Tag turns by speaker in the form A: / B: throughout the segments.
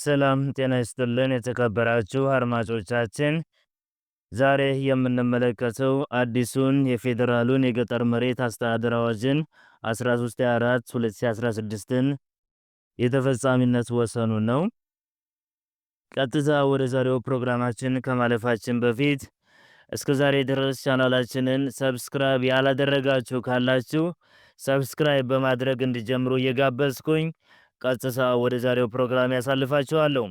A: ሰላም ጤና ይስጥልን የተከበራችሁ አድማጮቻችን፣ ዛሬ የምንመለከተው አዲሱን የፌዴራሉን የገጠር መሬት አስተዳደር አዋጅን 1324 2016ን የተፈጻሚነት ወሰኑ ነው። ቀጥታ ወደ ዛሬው ፕሮግራማችን ከማለፋችን በፊት እስከ ዛሬ ድረስ ቻናላችንን ሰብስክራይብ ያላደረጋችሁ ካላችሁ ሰብስክራይብ በማድረግ እንዲጀምሩ እየጋበዝኩኝ ቀጥታ ወደ ዛሬው ፕሮግራም ያሳልፋችኋለሁ።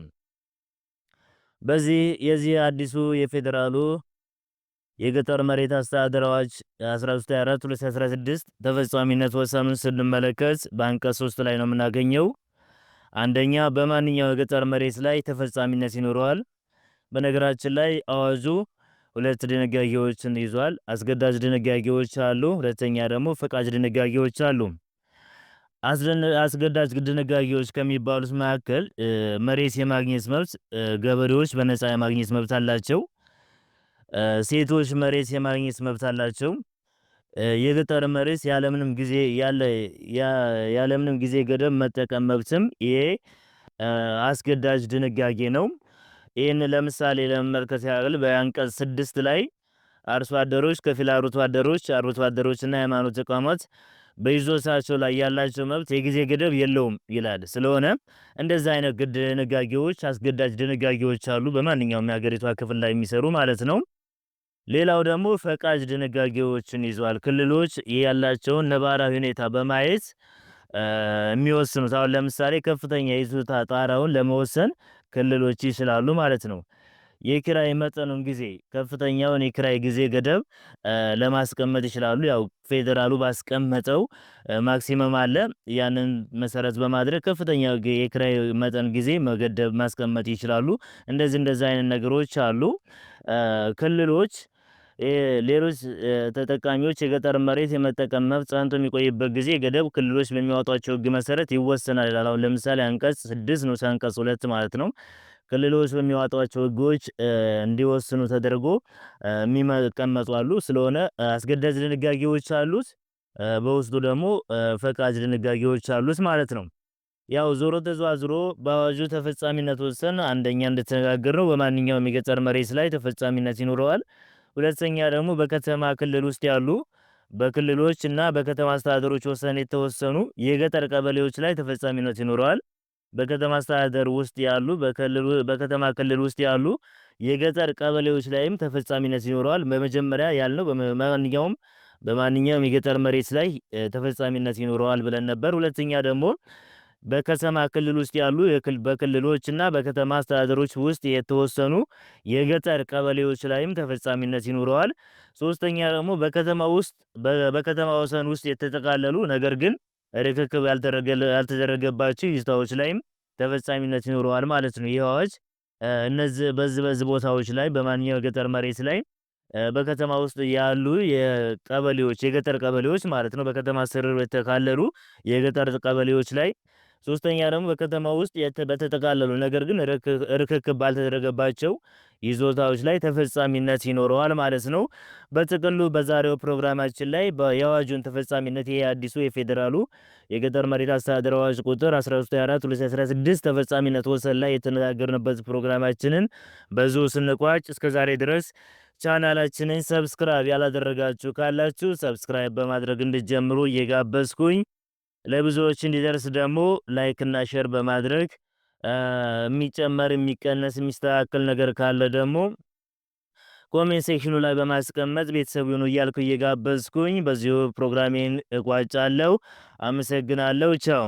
A: በዚህ የዚህ አዲሱ የፌዴራሉ የገጠር መሬት አስተዳደራዎች 1324/2016 ተፈጻሚነት ወሰኑን ስንመለከት በአንቀጽ 3 ላይ ነው የምናገኘው። አንደኛ በማንኛው የገጠር መሬት ላይ ተፈጻሚነት ይኖረዋል። በነገራችን ላይ አዋጁ ሁለት ድንጋጌዎችን ይዟል። አስገዳጅ ድንጋጌዎች አሉ፣ ሁለተኛ ደግሞ ፈቃጅ ድንጋጌዎች አሉ። አስገዳጅ ድንጋጌዎች ከሚባሉት መካከል መሬት የማግኘት መብት ገበሬዎች በነፃ የማግኘት መብት አላቸው። ሴቶች መሬት የማግኘት መብት አላቸው። የገጠር መሬት ያለምንም ጊዜ ያለ ያለምንም ጊዜ ገደብ መጠቀም መብትም ይሄ አስገዳጅ ድንጋጌ ነው። ይህን ለምሳሌ ለመመልከት ያህል በአንቀጽ ስድስት ላይ አርሶ አደሮች፣ ከፊል አርብቶ አደሮች፣ አርብቶ ሃይማኖት ተቋማት በይዞታቸው ላይ ያላቸው መብት የጊዜ ገደብ የለውም ይላል። ስለሆነ እንደዛ አይነት ድንጋጌዎች፣ አስገዳጅ ድንጋጌዎች አሉ በማንኛውም የሀገሪቷ ክፍል ላይ የሚሰሩ ማለት ነው። ሌላው ደግሞ ፈቃጅ ድንጋጌዎችን ይዟል። ክልሎች ያላቸውን ነባራዊ ሁኔታ በማየት የሚወስኑት አሁን ለምሳሌ ከፍተኛ የይዞታ ጣራውን ለመወሰን ክልሎች ይችላሉ ማለት ነው። የክራይ መጠኑን ጊዜ ከፍተኛውን የክራይ ጊዜ ገደብ ለማስቀመጥ ይችላሉ። ያው ፌዴራሉ ባስቀመጠው ማክሲመም አለ። ያንን መሰረት በማድረግ ከፍተኛ የክራይ መጠን ጊዜ መገደብ ማስቀመጥ ይችላሉ። እንደዚህ እንደዚህ አይነት ነገሮች አሉ። ክልሎች ሌሎች ተጠቃሚዎች የገጠር መሬት የመጠቀም መብት ጸንቶ የሚቆይበት ጊዜ ገደብ ክልሎች በሚያወጧቸው ህግ መሰረት ይወሰናል ይላል። አሁን ለምሳሌ አንቀጽ ስድስት ንዑስ አንቀጽ ሁለት ማለት ነው። ክልሎች በሚያወጧቸው ህጎች እንዲወስኑ ተደርጎ የሚቀመጡ አሉ። ስለሆነ አስገዳጅ ድንጋጌዎች አሉት፣ በውስጡ ደግሞ ፈቃጅ ድንጋጌዎች አሉት ማለት ነው። ያው ዞሮ ተዟዝሮ በአዋጁ ተፈጻሚነት ወሰን አንደኛ እንደተነጋገር ነው በማንኛውም የገጠር መሬት ላይ ተፈጻሚነት ይኖረዋል። ሁለተኛ ደግሞ በከተማ ክልል ውስጥ ያሉ በክልሎች እና በከተማ አስተዳደሮች ወሰን የተወሰኑ የገጠር ቀበሌዎች ላይ ተፈጻሚነት ይኖረዋል። በከተማ አስተዳደር ውስጥ ያሉ በከተማ ክልል ውስጥ ያሉ የገጠር ቀበሌዎች ላይም ተፈጻሚነት ይኖረዋል። በመጀመሪያ ያልነው በማንኛውም በማንኛውም የገጠር መሬት ላይ ተፈጻሚነት ይኖረዋል ብለን ነበር። ሁለተኛ ደግሞ በከተማ ክልል ውስጥ ያሉ በክልሎችና በከተማ አስተዳደሮች ውስጥ የተወሰኑ የገጠር ቀበሌዎች ላይም ተፈጻሚነት ይኖረዋል። ሶስተኛ ደግሞ በከተማ ውስጥ በከተማ ወሰን ውስጥ የተጠቃለሉ ነገር ግን ርክክብ ያልተደረገባቸው ይዞታዎች ላይም ተፈጻሚነት ይኖረዋል ማለት ነው። ይህ አዋጅ እነዚህ በዚህ በዚህ ቦታዎች ላይ በማንኛው የገጠር መሬት ላይ በከተማ ውስጥ ያሉ የቀበሌዎች የገጠር ቀበሌዎች ማለት ነው። በከተማ ስር የተካለሉ የገጠር ቀበሌዎች ላይ ሶስተኛ ደግሞ በከተማ ውስጥ በተጠቃለሉ ነገር ግን ርክክብ ባልተደረገባቸው ይዞታዎች ላይ ተፈጻሚነት ይኖረዋል ማለት ነው። በጥቅሉ በዛሬው ፕሮግራማችን ላይ የአዋጁን ተፈጻሚነት ይሄ አዲሱ የፌዴራሉ የገጠር መሬት አስተዳደር አዋጅ ቁጥር 1324/2016 ተፈጻሚነት ወሰን ላይ የተነጋገርንበት ፕሮግራማችንን በዙ ስንቋጭ እስከዛሬ ድረስ ቻናላችንን ሰብስክራይብ ያላደረጋችሁ ካላችሁ ሰብስክራይብ በማድረግ እንድጀምሩ እየጋበዝኩኝ ለብዙዎች እንዲደርስ ደግሞ ላይክና ሼር በማድረግ የሚጨመር የሚቀነስ የሚስተካከል ነገር ካለ ደግሞ ኮሜንት ሴክሽኑ ላይ በማስቀመጥ ቤተሰብ ይሁኑ እያልኩ እየጋበዝኩኝ በዚሁ ፕሮግራሜን እቋጫለሁ። አመሰግናለሁ። ቻው